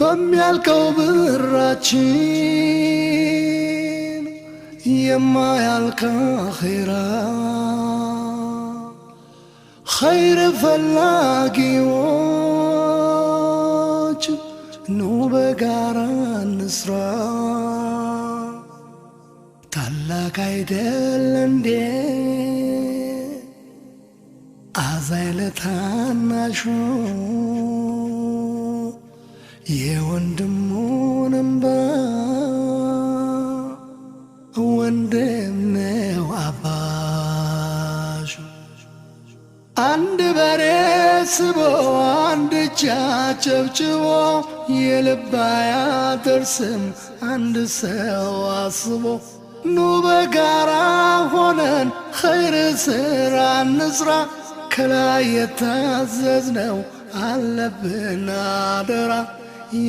በሚያልቀው ብራችን የማያልቅ አኼራ ኸይር ፈላጊዎች ኑ በጋራ እንስራ። ታላቅ አይደል እንዴ አዛይ ለታናሹ የወንድሙን እምባ ወንድም ነው አባ አንድ በሬ ስቦ አንድ ቻ ጨብጭቦ የልባያ ደርስም አንድ ሰው አስቦ ኑ በጋራ ሆነን ኸይር ስራ ንስራ ከላይ የታዘዝነው አለብን አደራ።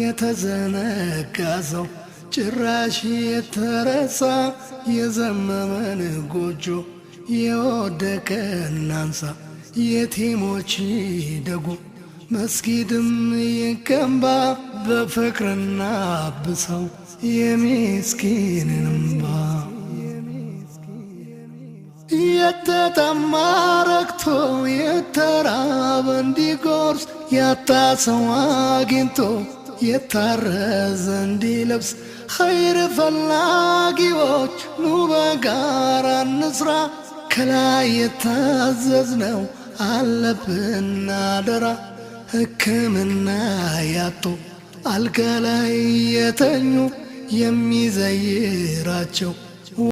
የተዘነጋ ሰው ጭራሽ የተረሳ የዘመመን ጎጆ የወደቀ እናንሳ የቲሞች ደጉ መስጊድም ይገንባ በፍቅርና ብሰው የሚስኪንንምባ የተጠማ ረክቶ የተራበ እንዲጎርስ ያጣ ሰው አግኝቶ የታረዘ እንዲለብስ ኸይር ፈላጊዎች ኑ በጋራ እንስራ ከላይ ነው! አለብን አደራ ሕክምና ያጡ አልጋ ላይ የተኙ የሚዘይራቸው